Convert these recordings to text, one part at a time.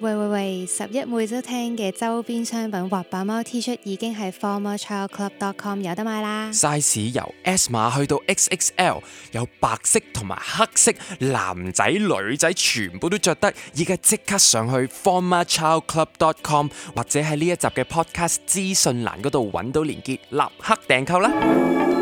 喂喂喂！拾壹每周聽嘅周邊商品滑板貓 T 恤已經喺 formerchildclub.com 有得買啦。size 由 S 碼去到 XXL，有白色同埋黑色，男仔女仔全部都着得。而家即刻上去 formerchildclub.com 或者喺呢一集嘅 podcast 資訊欄嗰度揾到連結，立刻訂購啦！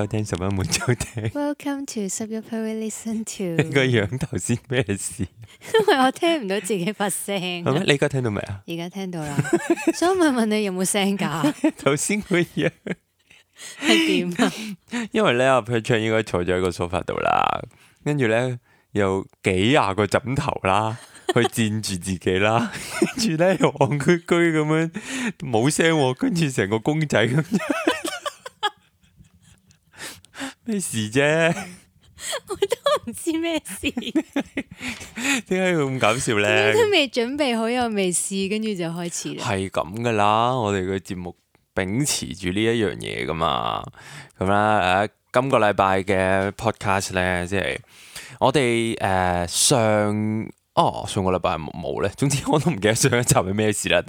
收聽拾壹每週聽。Welcome to 十一 percent。你個樣頭先咩事？因為我聽唔到自己發聲。你而家聽到未啊？而 家聽到啦。想問問你有冇聲噶？頭 先 個樣係點啊？因為咧呢，阿 Per Chan 應該坐咗喺個梳化度啦，跟住咧有幾廿個枕頭啦，去墊住自己啦，跟住咧又戇居居咁樣冇聲，跟住成個公仔咁。 咩事啫、啊？ 我都唔知咩事、啊， 點解會咁搞笑咧？應該未準備好又未試，跟住就開始啦。係咁噶啦，我哋嘅節目秉持住呢一樣嘢噶嘛。咁啦，誒、呃，今個禮拜嘅 podcast 咧，即係我哋誒、呃、上哦上個禮拜冇咧。總之我都唔記得上一集係咩事啦。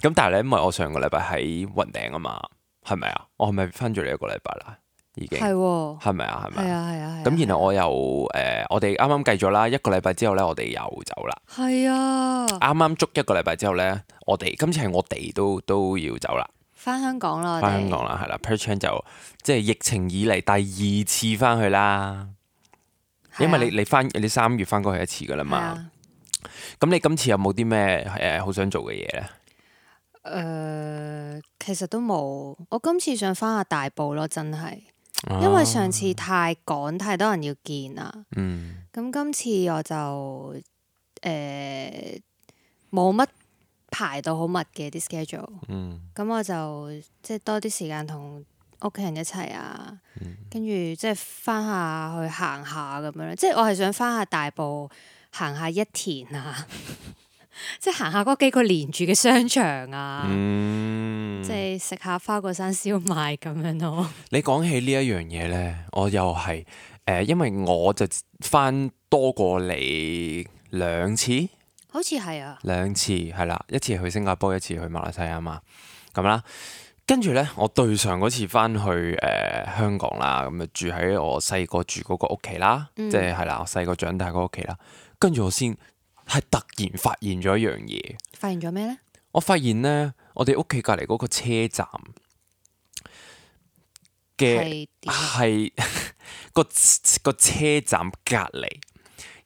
咁但係咧，因為我上個禮拜喺雲頂啊嘛，係咪啊？我係咪翻咗嚟一個禮拜啦？係，係咪是、哦、啊？係咪啊？咁、啊啊啊啊、然後我又誒、呃，我哋啱啱計咗啦，一個禮拜之後咧是、啊，我哋又走啦。係啊，啱啱足一個禮拜之後咧，我哋今次係我哋都都要走啦，翻香港咯，翻我們 香港啦，係啦、啊。Per Chan 就即係疫情以嚟第二次翻去啦，因為你你翻你三月翻過去一次噶啦嘛，咁是、啊、你今次有冇啲咩誒好想做嘅嘢咧？誒、呃，其實都冇，我今次想翻下大埔咯，真係。因為上次太趕，太多人要見啦。嗯，咁今次我就誒冇乜排到好密嘅啲 schedule。嗯，咁我就即係、就是、多啲時間同屋企人一齊啊，跟住即係翻下去行下咁樣。即、就、係、是、我係想翻下大埔行下一田啊。 即係行下嗰幾個連住嘅商場啊，嗯、即係食下花果山燒賣咁樣咯，啊。你講起呢一樣嘢呢，我又係誒、呃，因為我就翻多過你兩次，好似係啊，兩次係啦，一次去新加坡，一次去馬來西亞嘛。咁啦，跟住呢，我對上嗰次翻去誒、呃、香港啦，咁就住喺我細個住嗰個屋企啦，即係係啦，我細個長大嗰個屋企啦，跟住我先。係突然發現咗一樣嘢，發現咗咩呢？我發現呢，我哋屋企隔籬嗰個車站嘅，係個個車站隔籬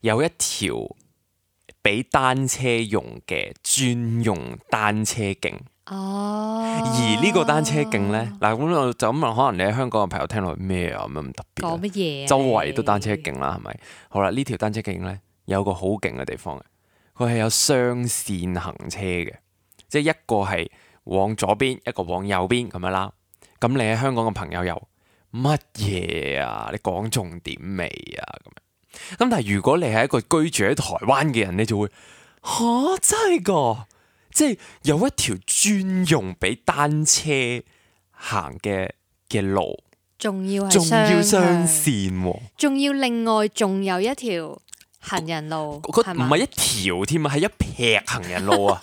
有一條俾單車用嘅專用單車徑哦。而呢個單車徑呢，嗱，咁就咁問，可能你喺香港嘅朋友聽落，去咩啊？有咩咁特別？講乜嘢？周圍都單車徑啦，係咪？好啦，呢條單車徑呢，有個好勁嘅地方佢係有雙線行車嘅，即係一個係往左邊，一個往右邊咁樣啦。咁你喺香港嘅朋友又乜嘢啊？你講重點未啊？咁咁但係如果你係一個居住喺台灣嘅人，你就會吓，真係㗎，即係有一條專用俾單車行嘅嘅路，仲要係雙，仲要雙線喎，啊，仲要另外仲有一條。行人路，唔係一條添啊，係嗎一撇行人路啊！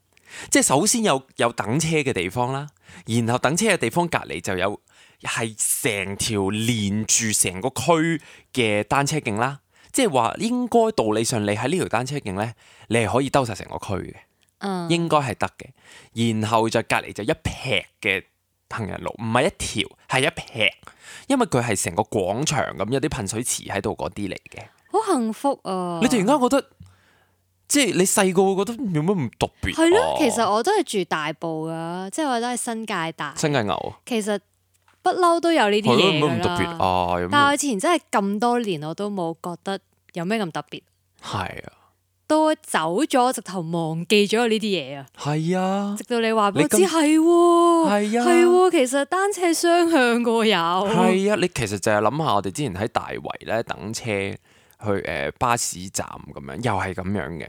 即係首先有有等車嘅地方啦，然後等車嘅地方隔籬就有係成條連住成個區嘅單車徑啦。即係話應該道理上你喺呢條單車徑呢，你係可以兜晒成個區嘅，嗯、應該係得嘅。然後再隔籬就一撇嘅行人路，唔係一條，係一撇，因為佢係成個廣場咁，有啲噴水池喺度嗰啲嚟嘅。好幸福啊！你突然間覺得，即係你細個會覺得有乜唔特別，啊？係咯，其實我都係住大埔噶，即係我都係新界大。新界牛啊！其實不嬲都有呢啲嘢啦。但係我之前真係咁多年，我都冇覺得有咩咁特別。係啊，到我走咗，直頭忘記咗呢啲嘢啊。係啊，直到你話俾我知，哦，係係係，其實單車雙向過有。係啊，你其實就係諗下我哋之前喺大圍咧等車。去誒、呃、巴士站咁樣，又係咁樣嘅。誒、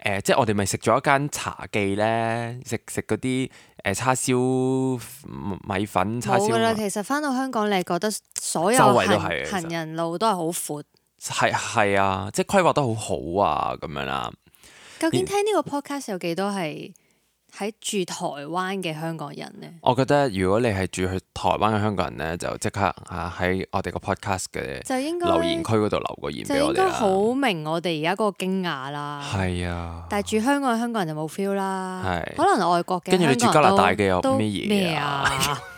呃，即係我哋咪食咗一間茶記咧，食食嗰啲誒叉燒米粉叉燒。冇噶啦，其實翻到香港，你係覺得所有行周圍都係行人路，都係好闊。係係啊，即係規劃得好好啊，咁樣啦。究竟聽呢個 Podcast 有幾多係？ 喺住台灣嘅香港人咧，我覺得如果你係住去台灣嘅香港人咧，就即刻嚇喺我哋個 podcast 嘅留言區嗰度留個言畀我哋，就應該好明我哋而家嗰個驚訝啦。係啊，但係住香港嘅香港人就冇 feel 啦。係、啊，可能外國嘅跟住你住加拿大嘅有咩嘢咩啊？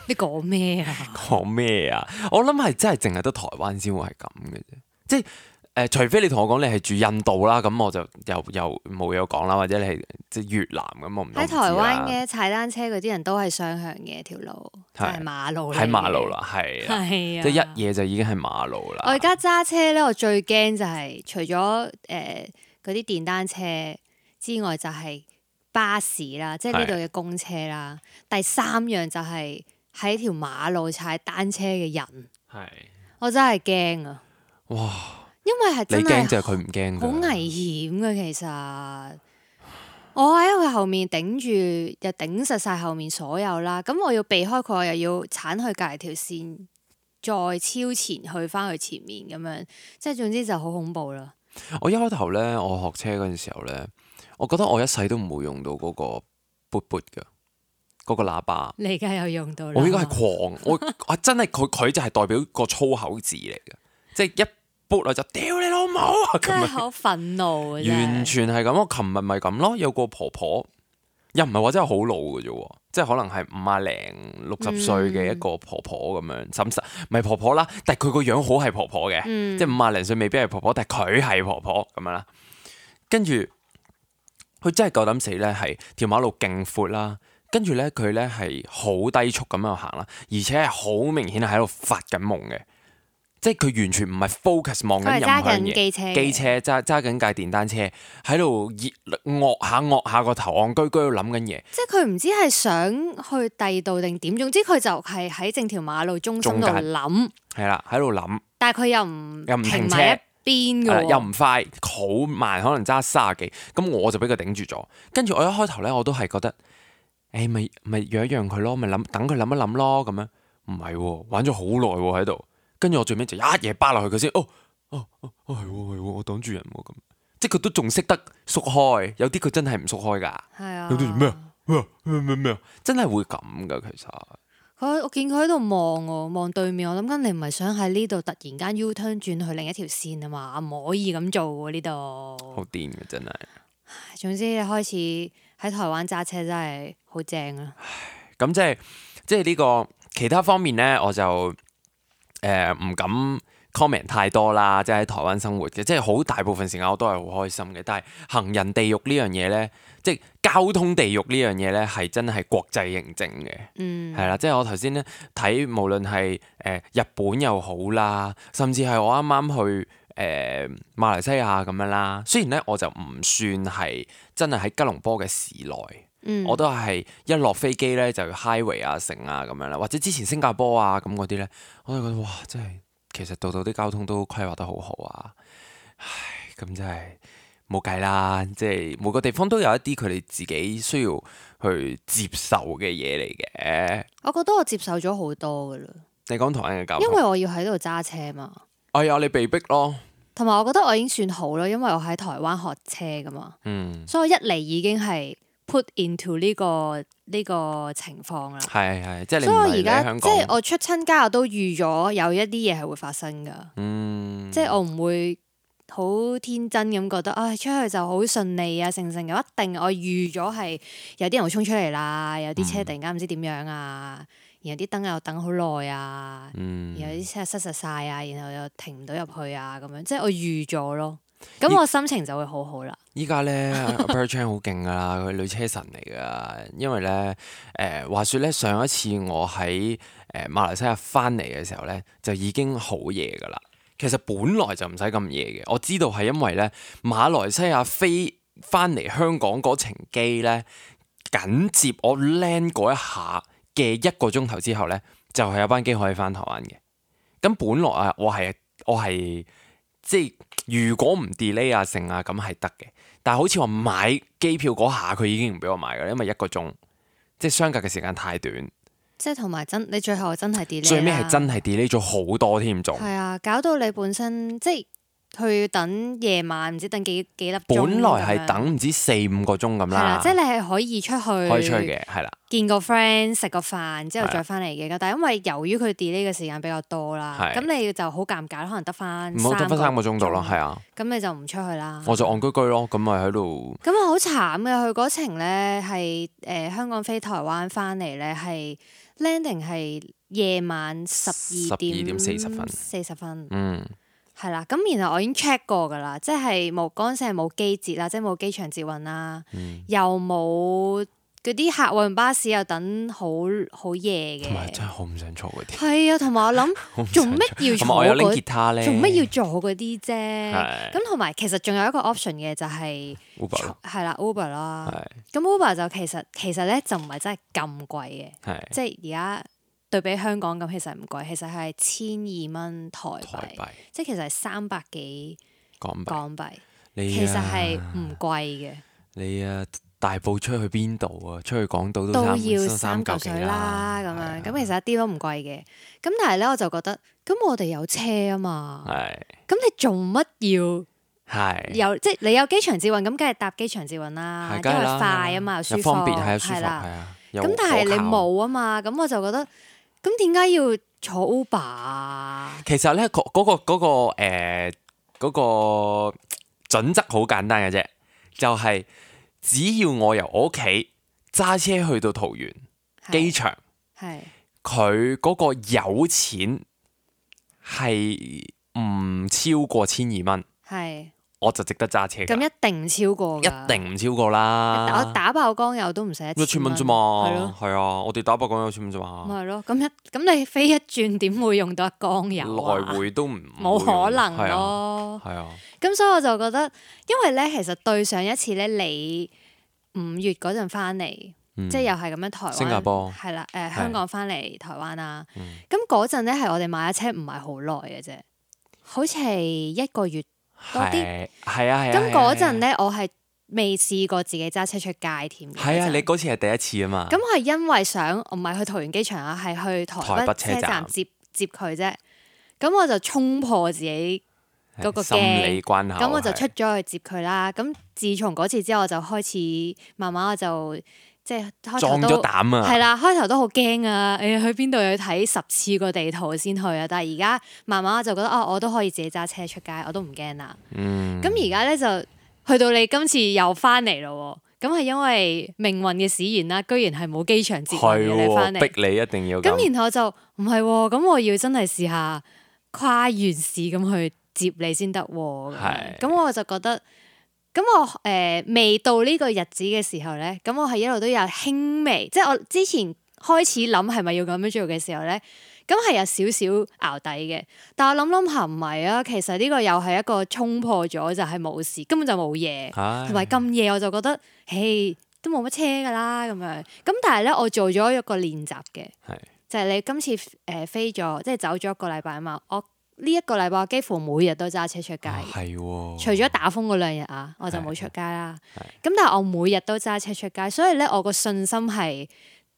你講咩啊？講咩 啊，啊？我諗係真係淨係得台灣先會係咁嘅啫，即係。誒、呃，除非你同我講你係住印度啦，咁我就又又冇嘢講啦。或者你係即係越南咁，我唔知喺台灣嘅踩單車嗰啲人都係雙向嘅條路，即係是馬路。喺馬路啦，係啦，即、啊、一夜就已經係馬路啦。我而家揸車咧，我最驚就係除咗誒嗰啲電單車之外，就係巴士啦，即係呢度嘅公車啦。是第三樣就係喺條馬路踩單車嘅人，係是我真係驚啊！哇！因為係真係你驚就係佢唔驚，好危險嘅。其實我喺佢後面頂住又頂實晒後面所有啦。咁我要避開佢，我又要鏟佢隔條線，再超前去翻佢前面咁樣。即係總之就好恐怖咯。我一開頭咧，我學車嗰陣時候咧，我覺得我一世都唔會用到嗰個噗噗噶嗰個喇叭。你而家又用到，我應該係狂，我 我真係佢佢就係代表個粗口字嚟嘅，即係一。 撥落就屌你老母啊！真係好憤怒。完全係咁，我琴日咪咁咯。有個婆婆，又唔係話真係好老嘅啫，即係可能係五啊零六十歲嘅一個婆婆咁樣嬸嬸，咪、嗯、婆婆啦。但係佢個樣好係婆婆嘅，嗯、即係五啊零歲未必係婆婆，但係佢係婆婆咁樣啦。跟住佢真係夠膽死咧，係條馬路勁闊啦。跟住咧，佢咧係好低速咁樣行啦，而且係好明顯係喺度發緊夢嘅。即係佢完全唔係 focus 望緊任何嘢，揸緊機車，機車揸揸緊架電單車，喺度熱惡下惡下個頭，戇居居度諗緊嘢。著著著著即係佢唔知係想去第二度定點，總之佢就係喺正條馬路中心度諗。係啦，喺度諗。但係佢又唔又唔停車，邊噶？又唔快，好慢，可能揸三廿幾。咁我就俾佢頂住咗。跟住我一開頭咧，我都係覺得，誒、欸，咪咪讓一讓佢咯，咪諗等佢諗一諗咯。咁樣唔係，玩咗好耐喺度。.跟住我最尾就一嘢巴落去佢先，哦哦哦哦係係、哦哦，我擋住人咁，即係佢都仲識得縮開，有啲佢真係唔縮開噶，係啊、有啲咩咩咩咩真係會咁噶，其實佢、啊、我見佢喺度望我望對面，我諗緊你唔係想喺呢度突然間 U turn 轉去另一條線啊嘛，唔可以咁做喎呢度，好癲嘅真係，總之你開始喺台灣揸車真係好正啊，咁即係即係呢、這個其他方面咧，我就。誒、呃、唔敢 comment 太多啦，即係喺台灣生活嘅，即係好大部分時間我都係好開心嘅。但係行人地獄呢樣嘢呢，即係交通地獄呢樣嘢呢，係真係國際認證嘅，嗯係啦。即係我頭先呢睇，無論係日本又好啦，甚至係我啱啱去誒、呃、馬來西亞咁樣啦。雖然呢我就唔算係真係喺吉隆坡嘅市內。嗯、我都係一落飛機咧，就要 highway 啊、城啊咁樣啦，或者之前新加坡啊咁嗰啲咧，我都覺得哇，真係其實度度啲交通都規劃得好好啊！唉，咁真係冇計啦，即係每個地方都有一啲佢哋自己需要去接受嘅嘢嚟嘅。我覺得我接受咗好多噶啦。你講台灣嘅交通，因為我要喺度揸車嘛。哎呀，你被逼咯。同埋我覺得我已經算好喇，因為我喺台灣學車噶嘛。嗯。所以我一嚟已經係。Put into 呢、這個呢、這個情況啦，係係，即係你唔係喺香港，所以我而家，即係我出親家我都預咗有一啲嘢係會發生噶，嗯，即係我唔會好天真咁覺得，唉、哎，出去就好順利啊，成成嘅一定，我預咗係有啲人會衝出嚟啦，有啲車突然間唔知點樣啊，然後啲燈又等好耐啊，嗯、然後啲車塞實晒啊，然後又停唔到入去啊，咁樣，即係我預咗咯。咁我心情就會好好啦。依家咧，Per Chan 好勁噶啦，佢女車神嚟噶。因為咧，誒、呃，話說咧，上一次我喺誒馬來西亞翻嚟嘅時候咧，就已經好夜噶啦。其實本來就唔使咁夜嘅。我知道係因為咧，馬來西亞飛翻嚟香港嗰程機咧，緊接我 land 嗰一下嘅一個鐘頭之後咧，就係、是、有班機可以翻台灣嘅。咁本來啊，我係我係。即係如果唔 delay 啊剩啊咁係得嘅，但係好似話買機票嗰下佢已經唔俾我買嘅，因為一個鐘，即係相隔嘅時間太短，即係同埋真你最後真係 delay，最尾係真係 delay 咗好多添、啊，仲係啊搞到你本身即係。佢要等夜晚唔知等幾幾粒鐘，本來係等唔止四五個鐘咁啦。係啦，即係你係可以出去，可以出去嘅，係啦。見個 friend 食個飯，之後再翻嚟嘅。但係因為由於佢 delay 嘅時間比較多啦，咁你就好尷尬，可能得翻。唔好得翻三個鐘度咯，係啊。咁你就唔出去啦。我就戇居居咯，咁咪喺度。咁啊，好慘嘅！佢嗰程咧係誒香港飛台灣翻嚟咧，係 landing 係夜晚十二點四十分，四十分，嗯。係啦，咁然後我已經 check 過㗎啦，即係冇幹聲，冇機捷啦，即係冇機場捷運啦，又冇嗰啲客運巴士又等好好夜嘅，同埋真係好唔想坐嗰啲。係啊，同埋我諗做乜要坐嗰？同埋我拎吉他咧，做乜要做嗰啲啫？咁同埋其實仲有一個 option 嘅就係 Uber，係啦 Uber 啦。咁 Uber 就其實其實咧就唔係真係咁貴嘅，即係而家。對比香港咁，其實唔貴，其實係千二蚊台幣，即係其實係三百幾港幣，其實係唔貴嘅。你啊，大埔出去邊度啊？出去港島都要三百幾啦。咁樣咁其實一啲都唔貴嘅。咁但係咧，我就覺得，咁我哋有車啊嘛。係。咁你做乜要係？有即係你有機場捷運，咁梗係搭機場捷運啦，因為快啊嘛，又方便係啊，舒服係啊。咁但係你冇啊嘛，咁我就覺得。咁點解要坐 u 巴？啊？其實咧，嗰、那、嗰個嗰、那個誒嗰、欸那個準則好簡單嘅啫，就係、是、只要我由我屋企揸車去到桃園機場，係佢嗰個有錢係唔超過千二蚊，係。我就值得揸車。咁一定唔超過。一定唔超過啦。我打爆缸油都唔使一千蚊啫嘛。係啊，我哋打爆缸油一千蚊啫嘛。係咯。咁一咁你飛一轉點會用到一缸油？來回都唔。冇可能咯。係啊。咁所以我就覺得，因為咧，其實對上一次咧，你五月嗰陣翻嚟，即係又係咁樣台灣、新加坡係啦，誒香港翻嚟台灣啦。咁嗰陣咧係我哋買架車唔係好耐嘅啫，好似係一個月。係，係啊，係啊。咁嗰陣咧，啊、我係未試過自己揸車出街添。係啊，你嗰次係第一次啊嘛。咁係因為想唔係去桃園機場啊，係去台北車站接接佢啫。咁我就衝破自己嗰個、啊、心理關口，咁我就出咗去接佢啦。咁、啊、自從嗰次之後，我就開始慢慢我就。即係，開頭都撞咗膽、啊、啦，開頭都好驚啊！哎，去邊度要睇十次個地圖先去啊！但係而家慢慢我就覺得啊、哦，我都可以自己揸車出街，我都唔驚啦。咁而家咧就去到你今次又翻嚟咯，咁係因為命運嘅使然啦，居然係冇機場接、哦、你翻嚟，逼你一定要。咁然後就唔係，咁、哦、我要真係試下跨縣市咁去接你先得。係的。咁我就覺得。咁我誒、呃、未到呢個日子嘅時候咧，咁我係一路都有輕微，即係我之前開始諗係咪要咁樣做嘅時候咧，咁係有少少淆底嘅。但我諗諗吓唔係啊，其實呢個又係一個衝破咗就係、是、冇事，根本就冇嘢，同埋咁夜我就覺得，嘿都冇乜車㗎啦咁樣。咁但係咧，我做咗一個練習嘅，是就係你今次誒、呃、飛咗，即係走咗一個禮拜啊嘛，我。呢一個禮拜幾乎每日都揸車出街，係、啊哦、除咗打風嗰兩日啊，我就冇出街啦。咁但係我每日都揸車出街，所以咧我個信心係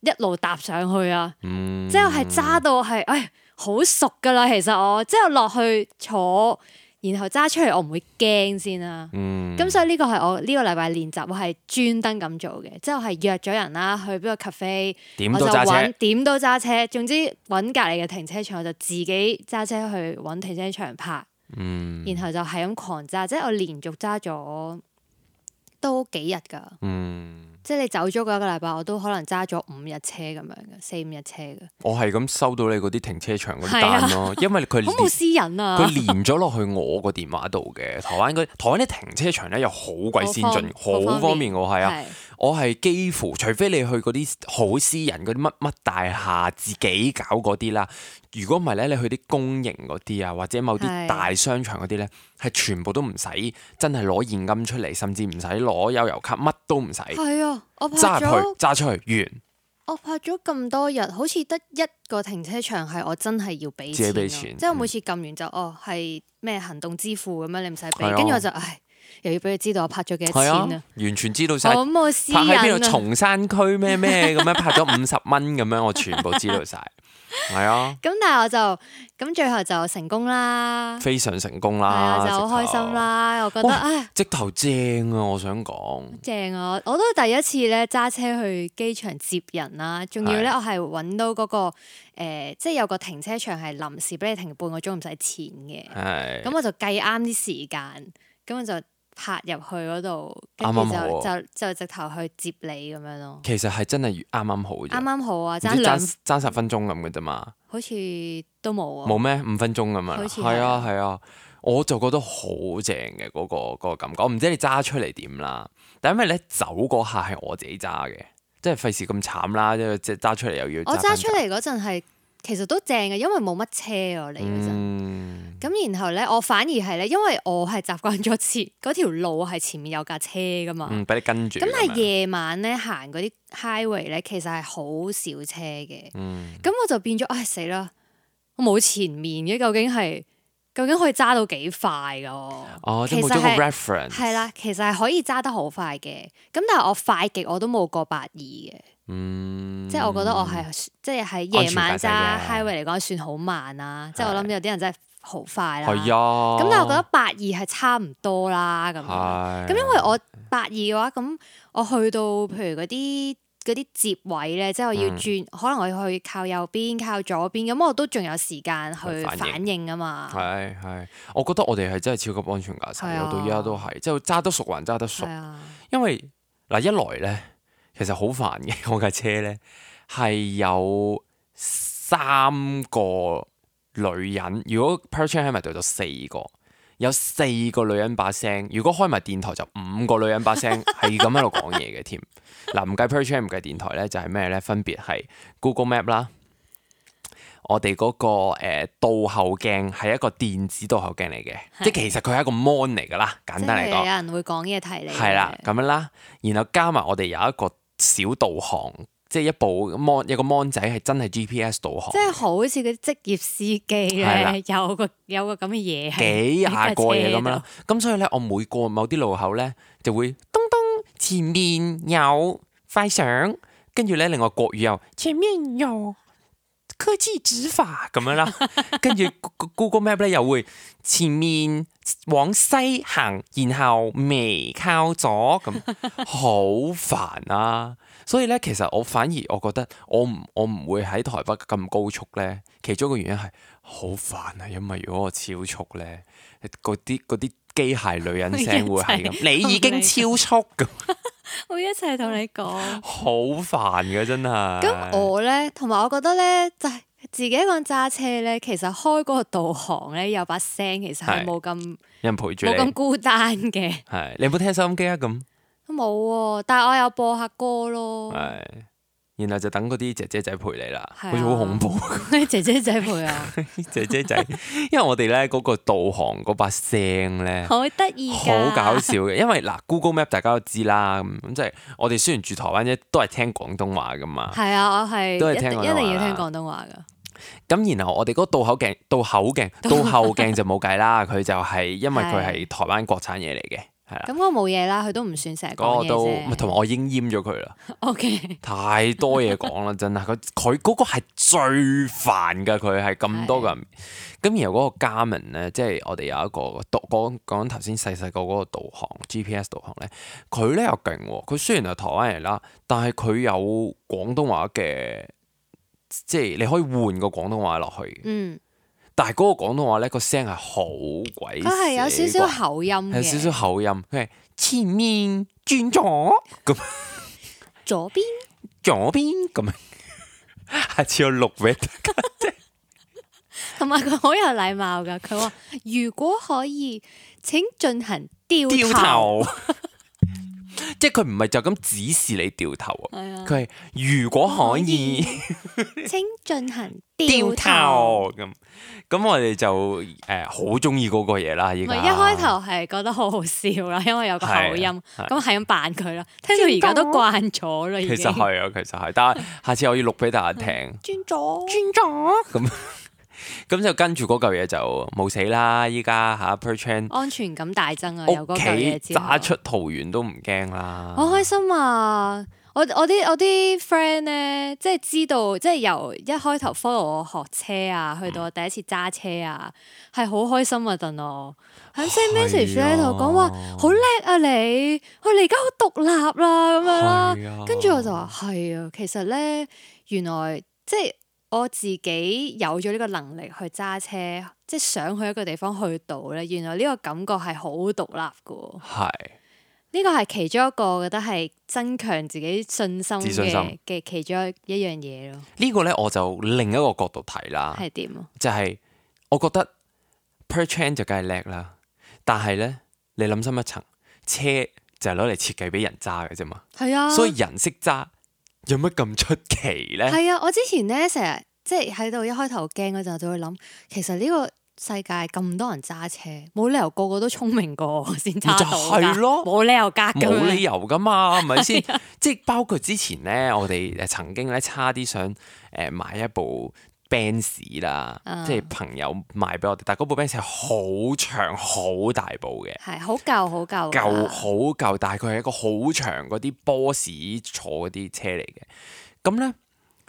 一路搭上去啊。之後係揸到係，唉，好熟噶啦。其實我之後落去坐。然後揸出嚟，我唔會驚先啦。咁、嗯、所以呢個係我呢、呢個禮拜練習，我係專登咁做嘅。即係我係約咗人啦，去邊個 cafe，我就揾點都揸車。總之揾隔離嘅停車場，我就自己揸車去揾停車場拍。嗯、然後就係咁狂揸，即係我連續揸咗多幾日㗎。嗯即係你走咗個一個禮拜，我都可能揸咗五日車咁樣嘅，四五日車嘅。我係咁收到你嗰啲停車場嗰啲單咯，是啊、因為佢 好冇私人啊。佢連咗落去我個電話度嘅。台灣台灣啲停車場咧又好鬼先進，好方便我喎。係啊，是我係幾乎除非你去嗰啲好私人嗰啲乜乜大廈自己搞嗰啲啦。如果唔係咧，你去啲公營嗰啲啊，或者某啲大商場嗰啲咧。係全部都唔使，真係攞現金出嚟，甚至唔使攞悠遊卡，乜都唔使。係啊，我揸出去，揸出去完。我拍咗咁多日，好似得一個停車場係我真係要俾錢。自己俾錢，即係我每次撳完就、嗯、哦係咩行動支付咁樣，你唔使俾。跟住、啊、我就唉，又要俾佢知道我拍咗幾多錢啊！完全知道晒。我咁我私拍喺邊度？松山區咩咩咁樣拍咗五十蚊咁樣， 我全部知道晒。係啊，咁 但係我就咁最後就成功啦，非常成功啦， 就好開心啦，到我覺得啊，哇唉直頭正啊，我想講正啊，我都第一次咧揸車去機場接人啦、啊，仲要咧我係搵到嗰、那個誒、呃，即係有個停車場係臨時俾你停半個鐘唔使錢嘅，咁是的 我就計啱啲時間，咁我就。拍入去嗰度，啱啱就啱啱好就就，就直頭去接你咁樣咯。其實係真係啱啱好，啱啱好啊！爭爭十分鐘咁嘅啫嘛，好似都冇啊。冇咩五分鐘咁啊！係啊係啊，我就覺得好正嘅嗰個嗰、嗰個感覺。我唔知你揸出嚟點啦？但因為咧走嗰刻係我自己揸嘅，即係費事咁慘啦！即係揸出嚟又要我揸出嚟嗰陣係其實都正嘅，因為冇乜車我嚟嗰陣，咁、嗯、然後咧，我反而係咧，因為我係習慣咗前條路係前面有架車噶嘛，俾、嗯、你跟住。咁但係夜晚咧行嗰啲 highway 咧，其實係好少車嘅，咁、嗯、我就變咗，唉，死啦，我冇前面嘅，究竟係究竟可以揸到幾快噶？啊，哦，即係冇咗個 reference。係啦，其實係可以揸得好快嘅，咁但係我快極我都冇過百二嘅。嗯，即係我覺得我係即係喺夜晚揸 highway 嚟講算好慢啦，即係我諗有啲人真係好快啦。係呀，咁但係我覺得八二係差唔多啦，咁，咁因為我八二嘅話，咁我去到譬如嗰啲嗰啲接位咧，即係我要轉，可能我要去靠右邊，靠左邊，咁我都仲有時間去反應啊嘛。係係，我覺得我哋係真係超級安全駕駛，我到依家都係，即係揸得熟還揸得熟，因為嗱一來咧。其實好煩嘅，我架車呢，係有三個女人。如果 Per Chan 喺埋咗四個，有四個女人把聲。如果開埋電台就五個女人把聲，係咁喺度講嘢嘅添。嗱唔計 Per Chan 唔計電台呢，就係、是、咩呢？分別係 Google Map 啦、那個，我哋嗰個誒倒後鏡係一個電子倒後鏡嚟嘅，是即其實佢係一個 mon 嚟㗎啦，簡單嚟講。即係有人會講嘢提你。係啦，咁樣啦，然後加埋我哋有一個。小導航，即係一部 mon 有個 mon 仔係真係 GPS 導航，即係好似嗰啲職業司機咧了，有個有個咁嘅嘢係幾下過嘢咁樣啦。咁道所以咧，我每過某啲路口咧，就會咚咚，前面有塊相，跟住咧另外國語又前面有。科技執法咁樣啦，跟住 Google Map 咧又會前面往西行，然後微靠左咁，好煩啊！所以咧，其實我反而我覺得我唔我唔會喺台北咁高速咧，其中一個原因係好煩啊！因為如果我超速咧，啲啲。機械女人聲會係，一你已經超速咁，你的 我一齊同你講，好煩噶真係。咁我咧，同埋我覺得咧，就自己一個人揸車咧，其實開嗰個導航咧，有把聲，其實係冇咁，有人陪住，冇咁孤單嘅。係，你有冇聽收音機啊？咁，冇啊，但係我有播下歌咯。係。然後就等嗰啲姐姐仔陪你啦，啊、好似好恐怖。姐姐仔陪啊， 姐姐仔，因為我哋咧嗰個導航嗰把聲咧，好得意，好搞笑嘅。因為嗱，Google Map 大家都知啦，咁即係我哋雖然住台灣啫，都係聽廣東話噶嘛。係啊，我係都係聽廣東話。一定要聽廣東話噶。咁然後我哋嗰個到口鏡、到口鏡、 到後鏡就冇計啦，佢就係、是、因為佢係台灣國產嘢嚟嘅。咁我冇嘢啦，佢都唔算成日講嘢啫。唔係，同埋我已經閂咗佢啦。O K，太多嘢講啦，真係佢佢嗰個係最煩㗎。佢係咁多個人，咁是然後嗰個嘉文咧，即係我哋有一個導講講頭先細細個嗰個導航 GPS 導航咧，佢咧又勁喎。佢雖然係台灣人啦，但係佢有廣東話嘅，即係你可以換個廣東話落去。嗯。但係嗰個廣東話咧，個聲係好鬼，佢係有少少口音，有少少口音。佢係前面轉左咁，左邊左邊咁，係只有六位。同埋佢好有禮貌噶，佢話如果可以，請進行掉頭。即係佢唔係就咁指示你掉頭啊，佢係如果可以，請進以 行掉頭咁。咁頭我哋就誒好中意嗰個嘢啦。依家一開頭係覺得好好笑啦，因為有個口音，咁係咁扮佢啦。聽到而家都慣咗啦，已經、啊。其實係啊，其實係、啊，但係下次我要錄俾大家聽。轉左、啊，轉左咁。咁就跟住嗰嚿嘢就冇死啦！依家吓 Per Chan 安全感大增啊，屋企打出桃園都唔驚啦。好開心啊！我我啲我啲 friend 咧，即係知道，即係由一開頭 follow 我學車啊，去到我第一次揸車啊，係好、嗯、開心啊！戥我響 send message 喺度講話好叻啊！啊你，佢哋而家好獨立、啊、啦，咁樣啦。跟住我就話係啊，其實咧，原來，原來，原來即係。我自己有咗呢個能力去揸車，即係想去一個地方去到呢。原來呢個感覺係好獨立噶。係呢個係其中一個我覺得係增強自己信心嘅其中一樣嘢咯。呢個呢，我就另一個角度睇啦。係點啊？就係我覺得 Per Chan 就梗係叻啦，但係呢，你諗深一層，車就係攞嚟設計俾人揸嘅啫嘛。係啊，所以人識揸。有乜咁出奇咧？係啊，我之前咧成日即係喺度一開頭驚嗰時候就會諗，其實呢個世界咁多人揸車，冇理由個個都聰明過我先揸到噶。就係咯，冇理由加噶，冇理由噶嘛，係咪先？即係 包括之前咧，我哋誒曾經咧差啲想誒買一部。b a n 士啦，z，即係朋友賣俾我哋，但係嗰部 n 士係好長、好大部嘅，係好舊、好舊，舊好舊，但係佢係一個好長嗰啲波士坐嗰啲車嚟嘅。咁咧，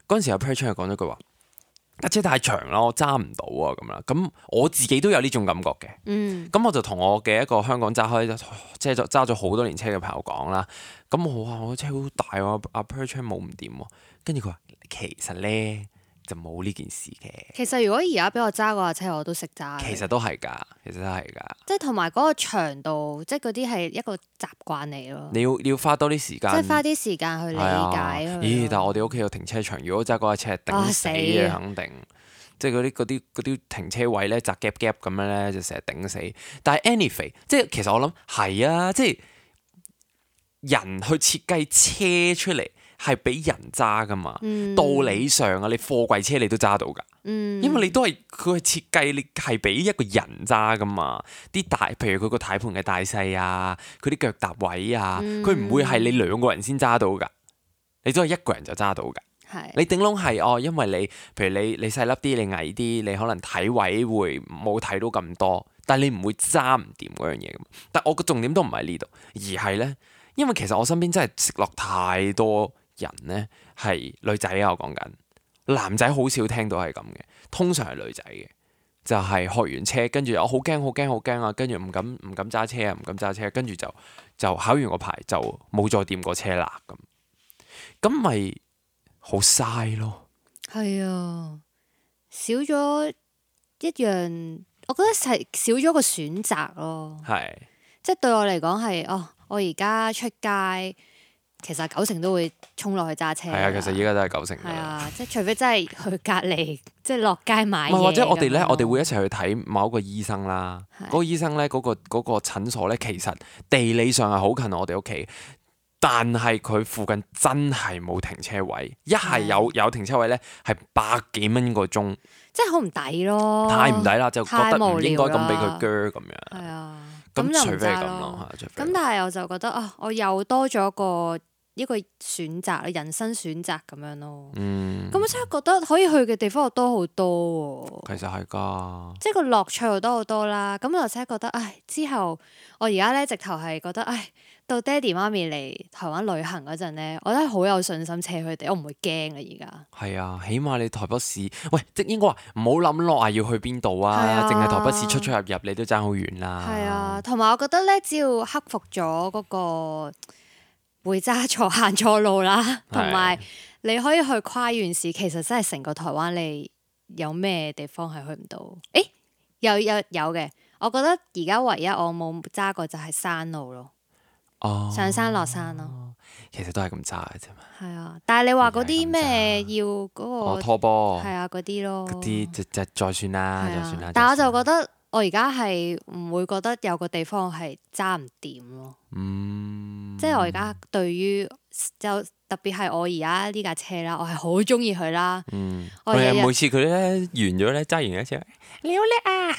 嗰陣時阿 Perchun 又講咗句話：架車太長我揸唔到啊！咁啦，咁我自己都有呢種感覺嘅。嗯，咁我就同我嘅一個香港揸開，即係揸咗好多年車嘅朋友講啦。咁我話我車好大喎，阿、啊、Perchun 冇唔掂喎。跟住佢話其實咧。就冇呢件事嘅。其實如果而家俾我揸嗰架車，我都識揸。其實都係㗎，其實都係㗎。即係同埋嗰個長度，即係嗰啲係一個習慣嚟咯。你要你要花多啲時間，即係花啲時間去理解、哎呀。咦、哎？但係我哋屋企有停車場，如果揸嗰架車係頂死嘅，死肯定即係嗰啲嗰啲嗰啲停車位咧，窄夾夾咁樣咧，就成日頂死。但係 anyway，即係其實我諗係啊，即係人去設計車出嚟。係俾人揸噶嘛？嗯、道理上啊，你貨櫃車你都揸到噶，嗯、因為你都係佢嘅設計，你係俾一個人揸噶嘛。啲大譬如佢個軚盤嘅大細啊，佢啲腳踏位啊，佢唔、嗯、會係你兩個人先揸到噶，你都係一個人就揸到噶。是你頂籠係哦，因為你譬如你你細粒啲，你矮啲，你可能睇位會冇睇到咁多，但係你唔會揸唔掂嗰樣嘢。但我個重點都唔係呢度，而係呢，因為其實我身邊真係食落太多。人呢，係女仔啊，我講緊男仔好少聽到係咁嘅，通常係女仔嘅，就係學完車，跟住我好驚好驚好驚啊，跟住唔敢唔敢揸車啊，唔敢揸車，跟住就就考完個牌就冇再掂過車啦咁，咁咪好嘥咯。係啊，少咗一樣，我覺得係少咗個選擇咯。係，即係對我嚟講係哦，我而家出街。其實九成都會衝落去揸車，係啊！其實依家都係九成嘅，係啊！即係除非真係去隔離，即係落街買嘢，或者我哋咧，我哋會一齊去睇某一個醫生啦。嗰個醫生咧，嗰個嗰個診所咧，其實地理上係好近我哋屋企，但係佢附近真係冇停車位。一係有有停車位咧，係百幾蚊個鐘，即係好唔抵咯！太唔抵啦，就覺得唔應該咁俾佢割咁樣。係啊，咁除非係咁咯。咁但係我就覺得啊，我又多咗個。一個選擇，人生選擇咁樣咯。嗯，咁我真係覺得可以去嘅地方又多好多喎、啊。其實係噶，即係個樂趣又多好多啦、啊。咁我而且覺得，唉，之後我而家咧，直頭係覺得，唉，到爹哋媽咪嚟台灣旅行嗰陣咧，我真係好有信心車佢哋，我唔會驚啊！而家係啊，起碼你台北市，喂，即係應該話唔好諗落啊，要去邊度啊？淨係台北市出出入入，你都爭好遠啦。係啊，同埋、啊、我覺得咧，只要克服咗嗰、那個。會揸錯行錯路啦，同 埋你可以去跨縣市，其實真係成個台灣，你有咩地方係去唔到？誒、欸，有有有嘅，我覺得而家唯一我冇揸過就係山路咯，哦、上山落山咯，其實都係咁揸嘅啫嘛。係啊，但係你話嗰啲咩要嗰個拖波，係啊嗰啲咯，嗰啲就即再算啦，再算啦。啊、算算但我就覺得。我而家係唔會覺得有個地方係揸唔掂咯，即係我而家對於就特別係我而家呢架車啦，我係好中意佢啦。嗯，我每次佢咧完咗咧揸完架車，你好叻啊！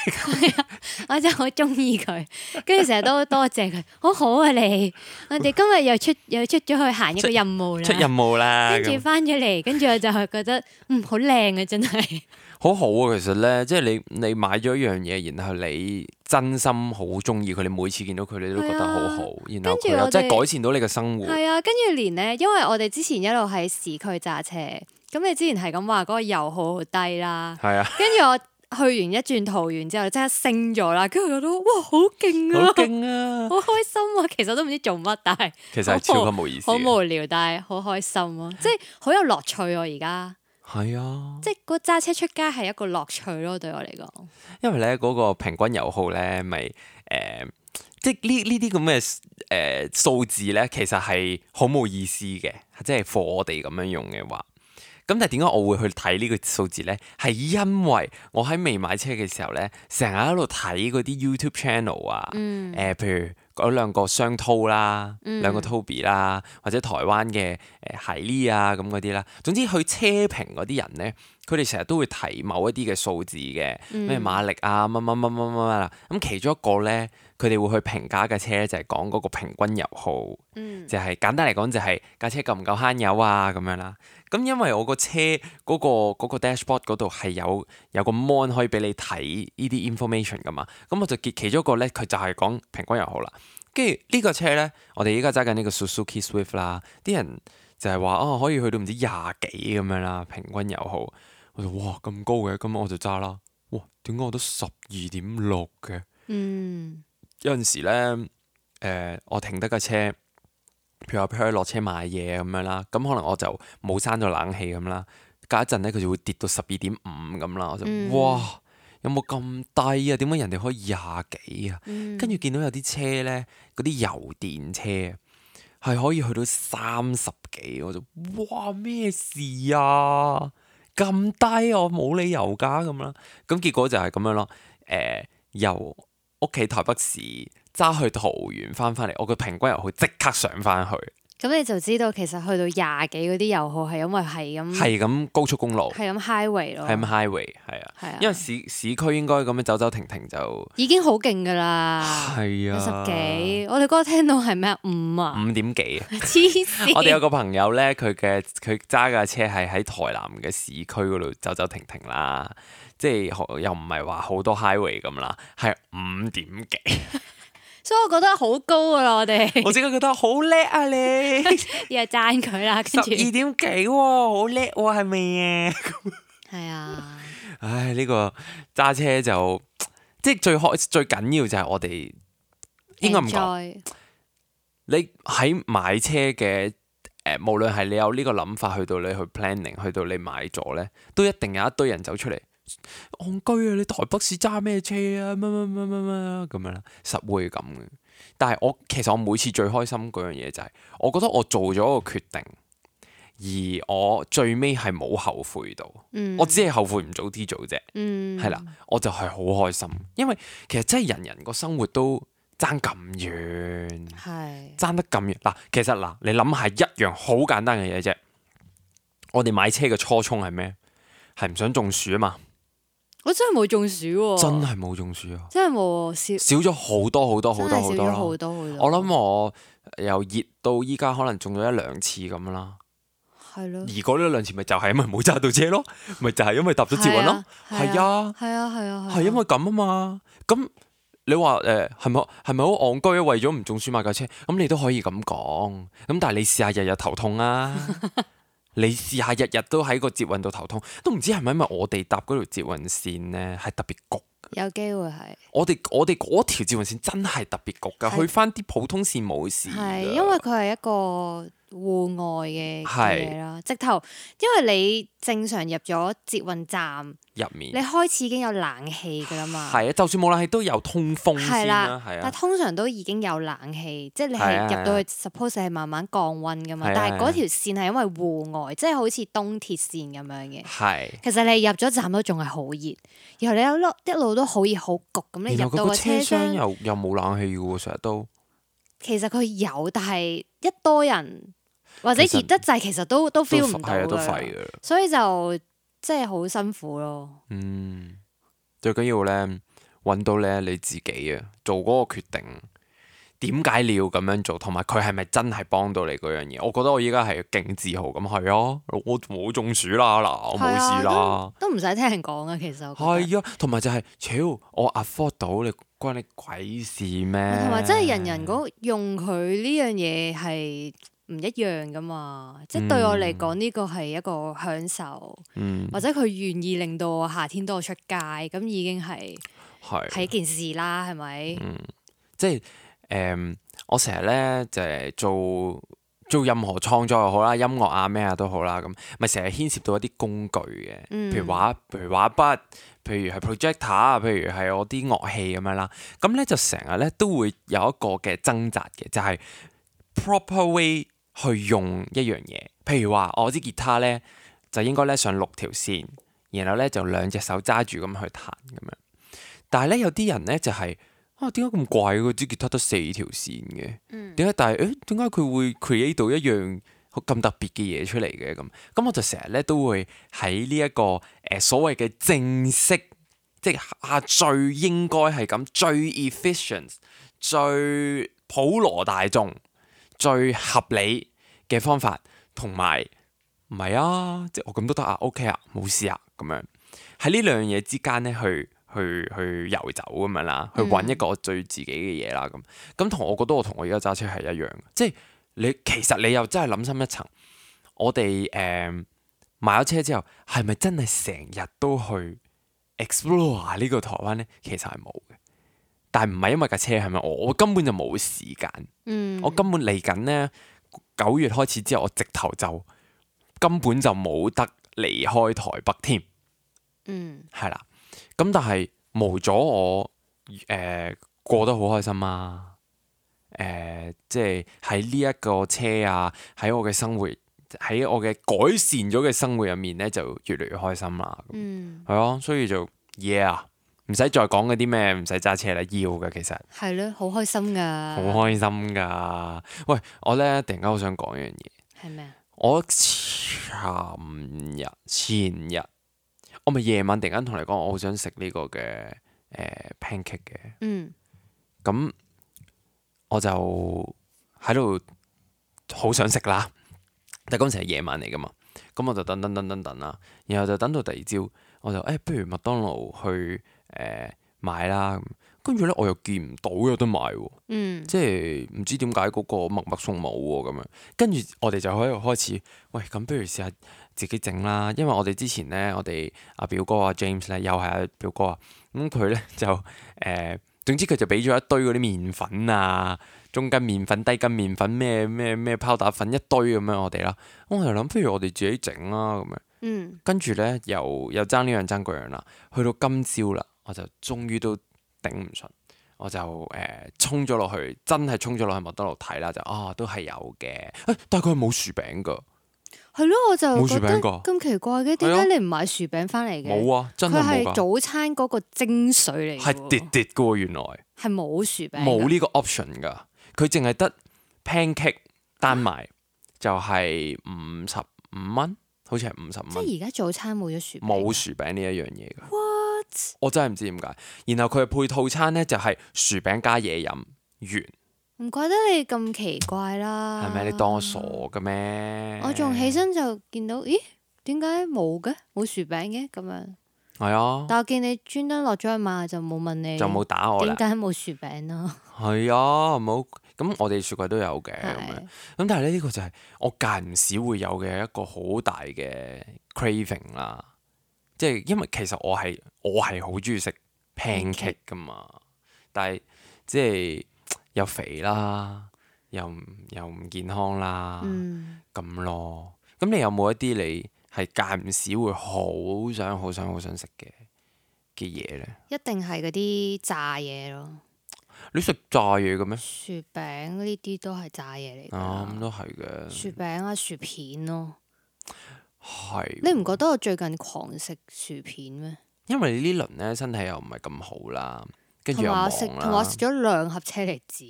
我就好中意佢，跟住成日都多謝佢，好 好啊你！我哋今日又出又出咗去行一個任務啦，出任務啦，跟住翻咗嚟，跟住 我就係覺得嗯好靚啊，真係。好好啊，其實咧，即係你你買咗一樣嘢，然後你真心好中意佢，你每次見到佢你都覺得好好，然後佢又即係改善到你嘅生活。係啊，跟住連咧，因為我哋之前一路喺市區揸車，咁你之前係咁話嗰個油耗好低啦，係啊。跟住我去完一轉桃園之後，即刻升咗啦，跟住我都哇好勁啊，好勁啊，好開心啊！其實都唔知做乜，但係其實係超級冇意思，好無聊，但係好開心啊，即係好有樂趣啊！而家。係是啊，即係嗰揸車出街係一個樂趣咯，對我嚟講。因為咧嗰、那個平均油耗咧，咪、呃、誒，即係、呃、呢呢啲咁嘅誒數字咧，其實係好冇意思嘅，即係 for 我哋咁樣用嘅話。咁但係點解我會去睇呢個數字咧？係因為我喺未買車嘅時候咧，成日喺度睇嗰啲 YouTube channel 啊，誒、嗯呃，譬如。嗰兩個雙 t 啦，兩個 Toby 啦，或者台灣嘅誒 Helly 啊咁嗰啲啦，總之去車評嗰啲人咧，佢哋成日都會提某一啲嘅數字嘅，咩馬力啊，乜乜乜乜乜啦，咁、嗯、其中一個咧，佢哋會去評價架車咧就係、是、講嗰個平均油耗，嗯、就係簡單嚟講就係、是、架車夠唔夠慳油啊咁樣啦。咁因為我個車、嗰個車嗰、嗰個嗰個 dashboard 嗰度係有有個 mon 可以俾你睇呢啲 information 噶嘛，咁我就結其中一個咧，佢就係講平均油耗啦。跟住呢個車咧，我哋依家揸緊呢個 Suzuki Swift 啦，啲人就係話哦，可以去到唔知廿幾咁樣啦，平均油耗。我就哇，咁高嘅？咁我就揸啦。哇，點解我，我都十二點六嘅？嗯，有陣時咧，誒、呃，我停得個車。譬如我俾佢落車買嘢咁樣啦，咁可能我就冇閂咗冷氣咁啦，隔一陣咧佢就會跌到十二點五咁啦，我就哇，有冇咁低啊？點解人哋可以廿幾啊？跟住見到有啲車咧，嗰啲油電車係可以去到三十幾，我就哇，咩事啊？咁低我冇理由噶咁啦，咁結果就係咁樣咯。誒、呃，由屋企台北市。揸去桃園翻翻嚟，我個平均油耗即刻上翻去。咁你就知道，其實去到廿幾嗰啲油耗係因為係咁，係咁高速公路，係咁 highway 咯，係咁 highway，係啊，係啊。因為市市區應該咁樣走走停停就已經好勁噶啦，係啊的，十幾。我哋嗰個聽到係咩啊？五啊，五點幾？黐線！ 我哋有個朋友咧，佢嘅佢揸架車係喺台南嘅市區嗰度走走，走停，停停啦，即係又唔係話好多 highway 咁啦，係五點幾。 所以我覺得好高噶喇，我哋我即刻覺得好叻啊！你 又讚佢啦，十二點幾喎，哦，好叻喎，係咪 是啊？係啊！唉，呢、呢個揸車就即係最開最緊要就係我哋應該唔講。Enjoy 你喺買車嘅誒，無論係你有呢個諗法，去到你去 planning，去到你買咗咧，都一定有一堆人走出嚟。戇居啊！你台北市揸咩車啊？乜乜乜乜乜咁樣啦，實會咁嘅。但係我其實我每次最開心嗰樣嘢就係、是，我覺得我做咗個決定，而我最尾係冇後悔到。嗯、我只係後悔唔早啲做啫。嗯。係啦，我就係好開心，因為其實真係人人個生活都爭咁遠，係爭是得咁遠嗱。其實嗱、呃，你諗下一樣好簡單嘅嘢啫。我哋買車嘅初衷係咩？係唔想中暑啊嘛。我真係冇中暑，真係冇中暑啊！真係冇、啊、少少咗好多好多好多好多好多好多。我諗我由熱到依家，可能中咗一兩次咁啦。係咯，而嗰一兩次咪就係因為冇揸到車咯？咪就係因為搭咗捷運咯？係啊，係啊，係啊，係因為咁啊、就是、嘛。咁你話誒係咪係咪好戇居啊？是是為咗唔中暑買架車，咁你都可以咁講。咁但係你試下日日頭痛啊！ 你試下日日都喺個捷運度頭痛，都唔知係咪因為我哋搭嗰條捷運線呢係特別焗㗎。有機會係。我哋我哋嗰條捷運線真係特別焗㗎，係。去翻啲普通線冇事。係因為佢係一個。戶外嘅嘢啦，直頭，因為你正常入咗捷運站入面，你開始已經有冷氣噶啦嘛。係啊，就算冇冷氣都有通風先啦，係啊。但通常都已經有冷氣，即係你係入到去，suppose 係慢慢降溫噶嘛。但係嗰條線係因為戶外，即係好似東鐵線咁樣嘅。係。其實你入咗站都仲係好熱，然後你一路一路都好熱好焗咁，你入到個車廂又又冇冷氣嘅喎，成日都。其實佢有，但係一多人。或者熱得滯，其實，其實都都 feel 唔到嘅，都廢嘅，所以就即係好辛苦咯。嗯，最緊要咧，搵到咧你，你自己啊，做嗰個決定，點解你要咁樣做，同埋佢係咪真係幫到你嗰樣嘢？我覺得我依家係勁自豪咁，係啊，我冇中暑啦嗱，我冇事啦，都唔使聽人講啊。其實係啊，同埋就係、是，超我 afford 到，你關你鬼事咩？同埋真係人人嗰用佢呢樣嘢係。唔一樣噶嘛，即係對我嚟講呢個係一個享受，嗯、或者佢願意令到我夏天多出街，咁、嗯、已經係係一件事啦，係咪、嗯？吧即係、呃、我成日呢，就係、是、做做任何創作又好啦，音樂啊咩啊都好啦，咁咪成日牽涉到一啲工具嘅，嗯、譬如畫譬如畫筆，譬如係 projector 譬如係我啲樂器咁樣啦，咁呢就成日呢都會有一個嘅掙扎嘅，就係、是、proper way。去用一樣嘢，譬如話我支吉他呢，就應該咧上六條線，然後呢就兩隻手揸住咁去彈咁樣。但係呢，有啲人呢就係、是、啊點解咁怪？個支吉他得四條線嘅，點解、嗯？但係誒點解佢會 create 到一樣咁特別嘅嘢出嚟嘅咁？咁我就成日呢都會喺呢一個誒、呃、所謂嘅正式，即係啊最應該係咁最 efficient 最普羅大眾。最合理嘅方法，同埋唔係啊，即係我咁都得啊，OK 啊，冇事啊，咁樣喺呢兩樣嘢之間咧，去去去游走咁樣啦，去揾、啊、一個最自己嘅嘢啦，咁咁同我覺得我同我而家揸車係一樣，即係你其實你又真係諗深一層，我哋誒、呃、買咗車之後，係咪真係成日都去 explore 呢個台灣呢？其實係冇嘅。但係唔係因為架車係咪我？我根本就冇時間，我根本嚟緊、嗯、呢，九月開始之後，我直頭就根本就冇得離開台北添。嗯，係啦。咁但係無咗我誒過得好開心啊！誒、呃，即係喺呢一個車啊，喺我嘅生活，喺我嘅改善咗嘅生活入面呢，就越嚟越開心啦、啊。嗯，係咯，所以就 yeah。唔使再講嗰啲咩，唔使揸車啦，要嘅其實。係咯，好開心噶。好開心噶，喂，我呢，突然間好想講一樣嘢。係咩？我尋日前日，我咪、呃嗯、夜晚突然間同你講，我好想食呢個嘅 pancake 嘅。嗯。咁我就喺度好想食啦，但係嗰陣時係夜晚嚟噶嘛，咁我就等等等等等啦，然後就等到第二朝，我就誒、欸，不如麥當勞去。誒買啦，跟住咧我又見唔到有得買喎，嗯、即係唔知點解嗰個默默送冇喎咁樣。跟住我哋就喺度開始，喂咁，不如試下自己整啦。因為我哋之前咧，我哋阿表哥啊 James 咧，又係阿表哥啊，咁佢咧就誒、呃，總之佢就俾咗一堆嗰啲麵粉啊，中筋麵粉、低筋麵粉、咩咩咩泡打粉一堆咁樣我哋啦。我哋諗不如我哋自己整啦咁樣，跟住咧又又爭呢樣爭嗰樣啦，去到今朝啦。我就終於都頂唔順，我就誒衝咗落去，真係衝咗落去麥當勞睇啦，就啊都係有嘅，誒但係佢冇薯餅㗎，係咯，我就冇薯餅㗎，覺得咁奇怪嘅，點解你唔買薯餅翻嚟嘅？冇啊，真係冇。佢係早餐嗰個精髓嚟，係跌跌嘅，原來係冇薯餅，冇呢個 option 噶。佢淨係得 pancake 單賣，就係五十五蚊，好似係五十蚊。即係而家早餐冇咗薯餅，冇薯餅呢一樣嘢㗎。我真係唔知點解，然後佢嘅配套餐呢就係、是、薯餅加嘢飲完，唔怪得你咁奇怪啦？係咪？你當我傻嘅咩？我仲起身就見到，咦？點解冇嘅？冇薯餅嘅咁樣？係啊，但我見你專登落咗去買，就冇問你，就冇打我。點解冇薯餅啊？係啊，好？咁我哋雪櫃都有嘅咁 是樣，咁但係呢、這個就係我間少會有嘅一個好大嘅 craving 啦。即係因為其實我係我係好中意食 pancake 㗎嘛，Pancake? 但係即係又肥啦，又又唔健康啦，咁、嗯、咯。咁你有冇一啲你係間唔時會好想好想好想食嘅嘅嘢咧？一定係嗰啲炸嘢咯。你食炸嘢嘅咩？薯餅呢啲都係炸嘢嚟。嘅、啊。咁都係嘅。薯餅啊，薯片咯。係，你唔覺得我最近狂食薯片咩？因為呢輪咧，身體又唔係咁好啦，跟住又忙啦，同埋食，同埋食咗兩盒車厘子。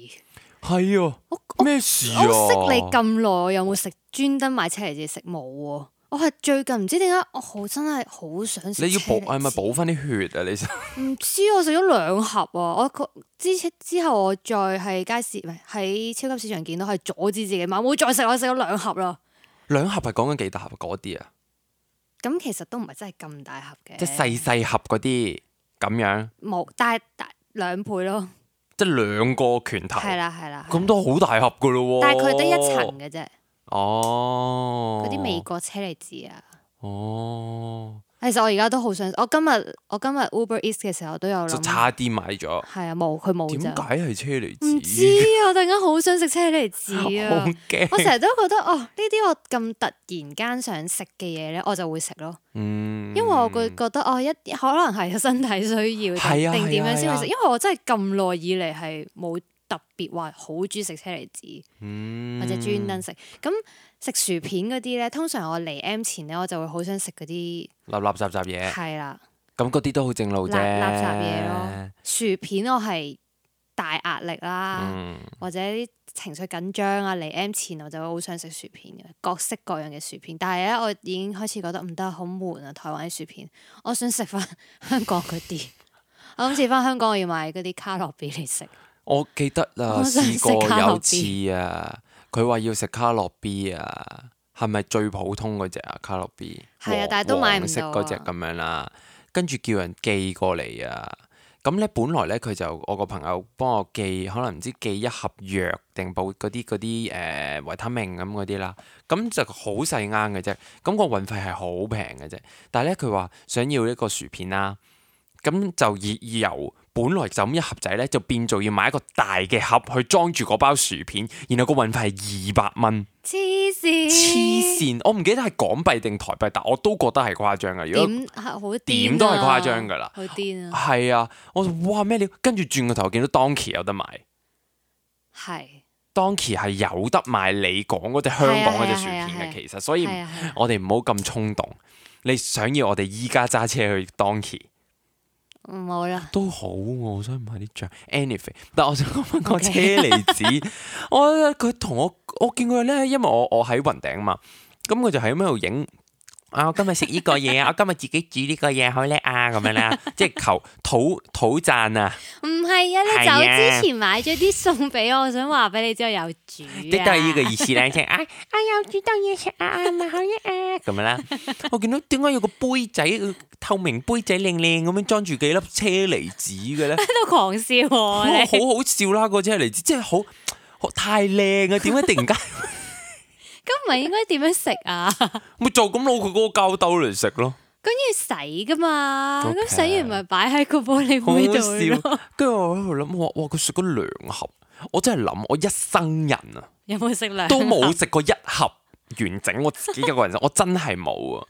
係啊的，我咩事啊？我，我，我識你咁耐，有冇食專登買車厘子食冇？我係最近唔知點解，我好真係好想食。你要補係咪補翻啲血啊？你 食？唔知我食咗兩盒啊！我之前之後我再喺街市唔係喺超級市場見到係阻止自己買，冇再食，我食咗兩盒啦。兩盒係講緊幾大盒嗰啲啊？咁其實都唔係真係咁大盒嘅。即細細盒嗰啲咁樣。冇，但係大，大，大兩倍咯。即兩個拳頭。係啦係啦。咁都好大盒噶咯喎。但係佢得一層嘅啫。哦。嗰啲美國車厘子啊。哦。其實我而家都好想，我今日我今日 Uber Eats 嘅時候都有諗，就差啲買咗。係啊，冇佢冇。點解係車厘子？唔知啊！我突然間好想食車厘子啊！ 怕我成日都覺得哦，呢啲我咁突然間想食嘅嘢咧，我就會食咯。嗯、因為我覺覺得哦，一可能係身體需要，定點、嗯、樣先會食？嗯、因為我真係咁耐以嚟係冇特別話好中意食車厘子，或者專登食咁。嗯食薯片嗰啲咧，通常我嚟 M 前咧，我就會好想食嗰啲垃垃雜雜嘢。係啦，咁啲都好正路啫。垃垃雜嘢咯，薯片我係大壓力啦，或者啲情緒緊張啊，嚟 M 前，我就會好想食了薯片嘅，嗯啊、各式各樣嘅薯片。但係咧，我已經開始覺得唔得好悶啊！台灣啲薯片，我想食翻香港嗰啲。 我今次翻香港，我要買嗰啲卡樂比嚟食。我記得啦，試過有次啊。佢話要食卡樂 B 啊，係咪最普通嗰隻啊？卡樂 B 係啊，但係都買唔到黃色嗰隻咁樣啦。跟住叫人寄過嚟啊。咁呢，本來呢，佢就我個朋友幫我寄，可能唔知寄一盒藥定補嗰啲啲誒維他命咁嗰啲啦。咁就好細啱嘅啫。咁個運費係好平嘅啫。但係呢，佢話想要一個薯片啦。咁就以油。本來就咁一盒仔咧，就變做要買一個大嘅盒去裝住嗰包薯片，然後個運費係二百蚊。黐線黐線，我唔記得係港幣定台幣，但我都覺得係誇張噶。如果點、啊、點都係誇張噶啦，好癲啊！係啊，我哇咩料？跟住轉個頭，我見到 Donkey 有得賣。係 Donkey 係有得賣，你講嗰隻香港嗰隻薯片嘅。其實所以我哋唔好咁衝動。你想要我哋依家揸車去 Donkey？唔好啦，都好，我好想買啲醬，anything。Anyway, 但係我想講返個 Okay. 車厘子， 我佢同我，我見過咧，因為我我喺雲頂啊嘛，咁佢就喺咁度影。啊！我今日食呢個嘢， 我今日自己煮呢個嘢好叻啊！咁樣啦，即係求討討讚啊！唔係啊，你走之前買咗啲餸俾我，我想話俾你知我有煮，啊。都係呢個意思啦，聽啊 啊有煮到嘢食啊，咪好叻啊！咁 樣啦，我見到點解有個杯仔個透明杯仔靚靚咁樣裝住幾粒車厘子嘅咧？喺度 狂笑，啊好，好好笑啦！個車厘子真係好好，好太靚啊！點解突然間？ 咁唔係應該點樣食啊？咪就咁攞佢嗰個膠兜嚟食咯。跟住洗噶嘛？咁、okay. 洗完咪擺喺個玻璃杯度咯。跟住、啊、我喺度諗，我哇佢食咗兩盒，我真係諗我一生人啊，有冇食兩盒？都冇食過一盒完整，我自己一個人，我真係冇啊！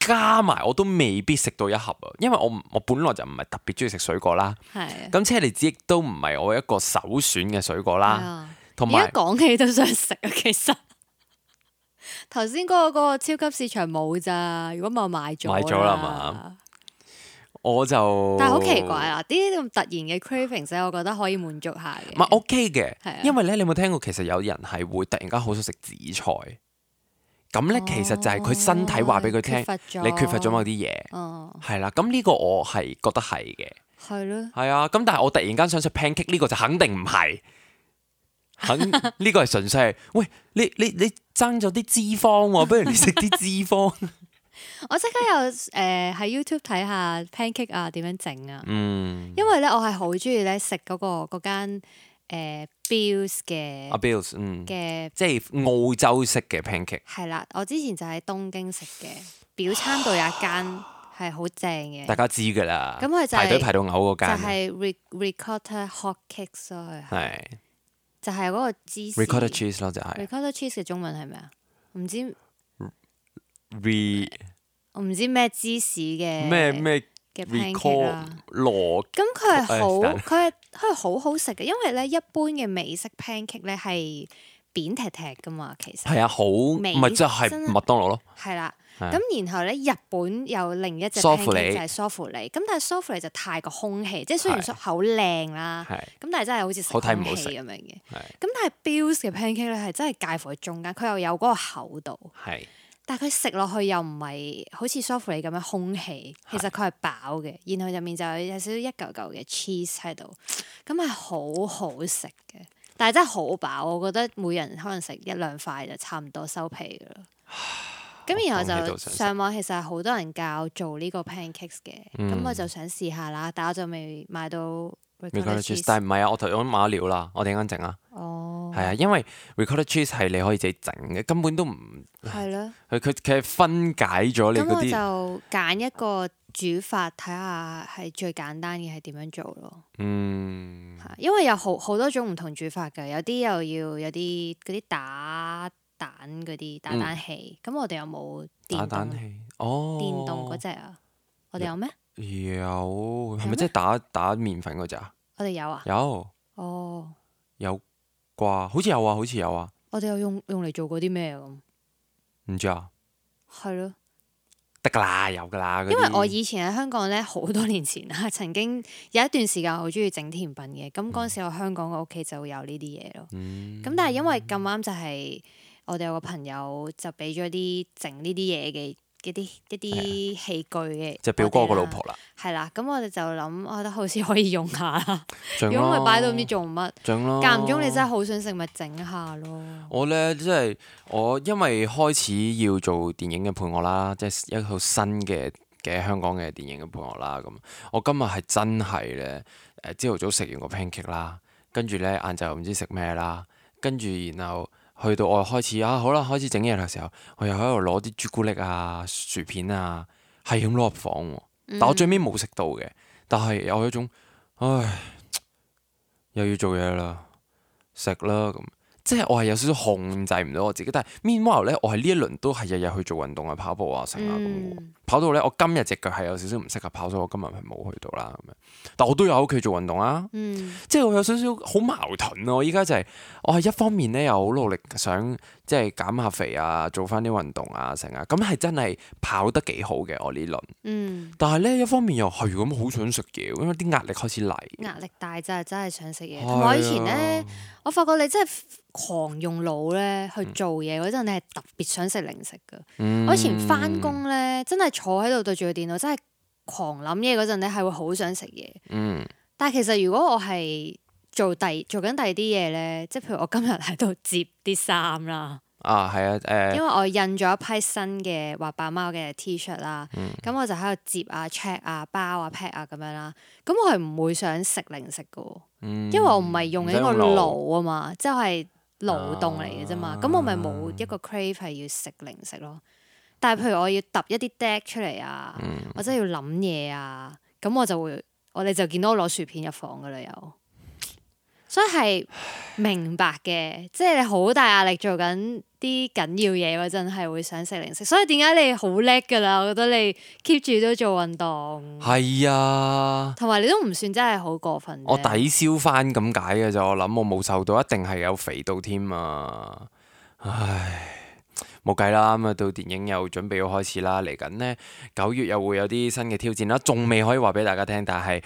加埋我都未必食到一盒啊，因為我我本來就唔係特別中意食水果啦。係咁車厘子亦都唔係我一個首選嘅水果啦。同埋而家講起都想食啊，其實。頭先嗰個超級市場冇咋，如果冇買咗買咗啦，我就但係好奇怪啊！啲咁 突然嘅 craving，使我覺得可以滿足下嘅。唔係 OK 嘅，係啊，因為咧你有冇聽過？其實有人係會突然間好想食紫菜，咁咧其實就係佢身體話俾佢聽，你缺乏咗某啲嘢，係啦、哦啊。咁呢個我係覺得係嘅，係咯，係啊。咁但係我突然間想食 pancake，呢個就肯定唔係。肯呢，這個係純粹喂，你你你爭咗啲脂肪，啊，不如你食啲脂肪。 我即刻有誒喺 YouTube 睇下 pancake 啊，點樣整啊？Als, 嗯，因為咧我係好中意咧食嗰個嗰間誒 Bills 嘅 Bills 嘅即係澳洲式嘅 pancake。係啦，我之前就喺東京食嘅表參道有一間係好正嘅， 大家知噶啦。咁佢就是，排隊排到嘔嗰間，就係 Ricotta Hotcakes 咯的，係。就係嗰個芝士 ricotta cheese 咯，只係 ricotta cheese 嘅中文係咩 re 啊？唔知我唔知咩芝士嘅咩咩嘅 pancake，咁佢係好，佢係佢係好好食嘅，因為咧一般嘅美式 pancake 咧係扁踢踢㗎嘛，其實係啊，好味，唔係即係麥當勞咯，係啦。咁、嗯、然後咧，日本有另一隻 pancake 就係 softly，咁但係 softly 就太過空，是空氣，即係雖然好靚啦，咁但係真係好似食空氣咁樣嘅。咁但係 Bills 嘅 pancake 咧係真係介乎喺中間，佢又有嗰個厚度，是但係佢食落去又唔係好似 softly 咁樣空氣，其實佢係飽嘅。然後入面就有少少一嚿嚿嘅 cheese 喺度，咁係好好食嘅。但係真係好飽，我覺得每人可能食一兩塊就差唔多收皮㗎啦。咁然後就上網，其實係好多人教做呢個 pancakes 嘅，咁、嗯、我就想試下啦。但我就未買到 recorder cheese，但係唔係啊？我我買咗料啦，我陣間整啊。哦，係啊，因為 recorder cheese 係你可以自己整嘅，根本都唔係咯。佢佢佢分解咗你嗰啲。咁我就揀一個煮法睇下係最簡單嘅係點樣做咯。嗯，因為有好好多種唔同煮法㗎，有啲又要有啲嗰啲打。蛋嗰啲打蛋器，咁我哋有冇打蛋器？哦，電動嗰隻啊，我哋有咩？有係咪即係打打麵粉嗰隻啊？我哋有啊。有哦，有掛，好似有啊，好似有啊。我哋有用用嚟做過啲咩咁？唔知啊。係咯，得噶啦，有噶啦。因為我以前喺香港咧，好多年前啊，曾經有一段時間我好中意整甜品嘅，咁嗰陣時我香港嘅屋企就會有呢啲嘢咯。咁但係因為咁啱就係。我哋有個朋友就俾咗啲整呢啲嘢嘅一啲一啲器具嘅，即係的表哥個老婆啦。係啦，咁我哋就諗，我覺得好似可以用下啦。了 如果唔係擺到唔知做乜。整間唔中你真係好想食咪整下咯。我呢，即係我因為開始要做電影嘅配樂啦，即係一套新嘅嘅香港嘅電影嘅配樂啦。咁我今日係真係呢，朝頭早食完個 pancake 啦，跟住呢，晏晝唔知食咩啦，跟住然後。去到我開始啊，好啦，開始整嘢嘅時候，我又喺度攞啲朱古力啊、薯片啊，係咁攞入房，但我最尾冇食到嘅，嗯、但係有一種，唉，又要做嘢啦，食啦咁。即係我係有少少控制唔到我自己，但係 Meanwhile 咧，我係呢一輪都係日日去做運動啊，跑步啊，成啊咁。跑到咧，我今日隻腳係有少少唔適合跑，所以我今日係冇去到啦。咁樣，但我都有喺屋企做運動啊。嗯、即係我有少少好矛盾咯、啊。依家就係、我、我係一方面咧，又好努力想即係減下肥啊，做翻啲運動啊，成啊。咁係真係跑得幾好嘅我輪、嗯、呢輪。但係咧一方面又係咁好想食嘢，因為啲壓力開始嚟。壓力大就真係想食嘢。我對呀 以前咧。我發覺你真係狂用腦咧去做嘢嗰陣，你係特別想食零食噶。嗯、我以前翻工咧，真係坐喺度對住個電腦，嗯、真係狂諗嘢嗰陣咧，係會好想食嘢。但係其實如果我係做第做緊第二啲嘢咧，即係譬如我今日喺度接啲衫啦。啊，係啊，呃、因為我印咗一批新嘅滑板貓嘅 T 恤啦，咁、嗯、我就喺度接啊 check 啊包啊 pack 啊咁樣啦，咁我係唔會想食零食噶。因為我唔係用緊、啊、一個勞啊嘛，即係勞動嚟嘅啫嘛，咁我咪冇一個 crave 係要食零食咯。嗯、但係譬如我要揼一啲 deck 出嚟啊，或者、嗯、要諗嘢啊，咁我就會我哋就見到我攞薯片入房噶啦又，所以係明白嘅，唉即係你好大壓力做緊。啲緊要嘢我真係會想食零食，所以點解你好叻㗎啦？我覺得你 keep 住都做運動，係啊，同埋你都唔算真係好過分。我抵消翻咁解嘅就，我諗我冇瘦到，一定係有肥到添啊！唉，冇計啦。咁啊，到電影又準備要開始啦。嚟緊呢，九月又會有啲新嘅挑戰啦，仲未可以話俾大家聽，但係。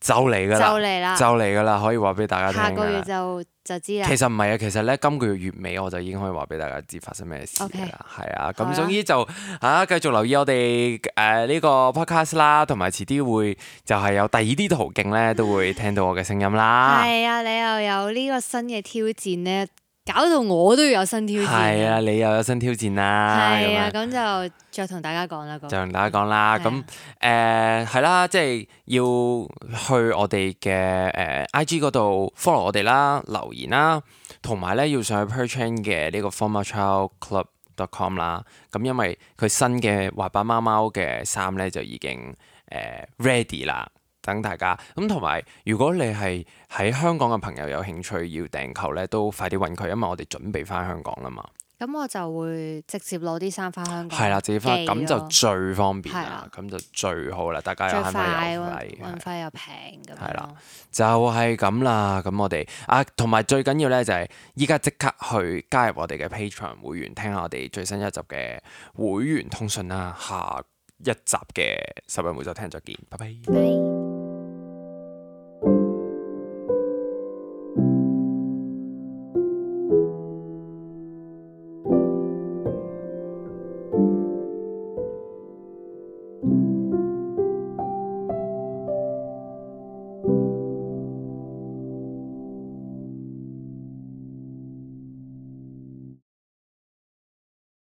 就嚟噶啦，就嚟啦，就嚟噶啦，可以話俾大家聽。下個月就就知啦。其實唔係啊，其實咧今個月月尾我就已經可以話俾大家知發生咩事啦。係 Okay. 啊，咁總之就吧啊，繼續留意我哋誒呢個 podcast 啦，同埋遲啲會就係有第二啲途徑咧 都會聽到我嘅聲音啦。係 啊，你又有呢個新嘅挑戰咧。搞到我都要有新挑戰。係啊，你又有新挑戰啦。係啊，咁樣就再同大家講啦。再同大家講啦。咁誒係啦，即、呃、係、啊就是、要去我哋嘅誒 IG 嗰度 follow 我哋啦，留言啦，同埋咧要上去 Per Chan 嘅呢個 formerchildclub.com 啦。咁因為佢新嘅滑板貓貓嘅衫咧就已經誒、呃、ready 啦。等大家咁，同埋如果你係喺香港嘅朋友，有興趣要訂購咧，都快啲揾佢，因為我哋準備翻香港啦嘛。咁我就會直接攞啲衫翻香港寄咯。係啦，直接翻咁就最方便啦，咁就最好啦。大家又快又快，運費又平咁。係啦，就係咁啦。咁我哋啊，同埋最緊要咧就係依家即刻去加入我哋嘅 Patreon 會員，聽下我哋最新一集嘅會員通訊啦。下一集嘅拾壹每週聽再見，拜拜。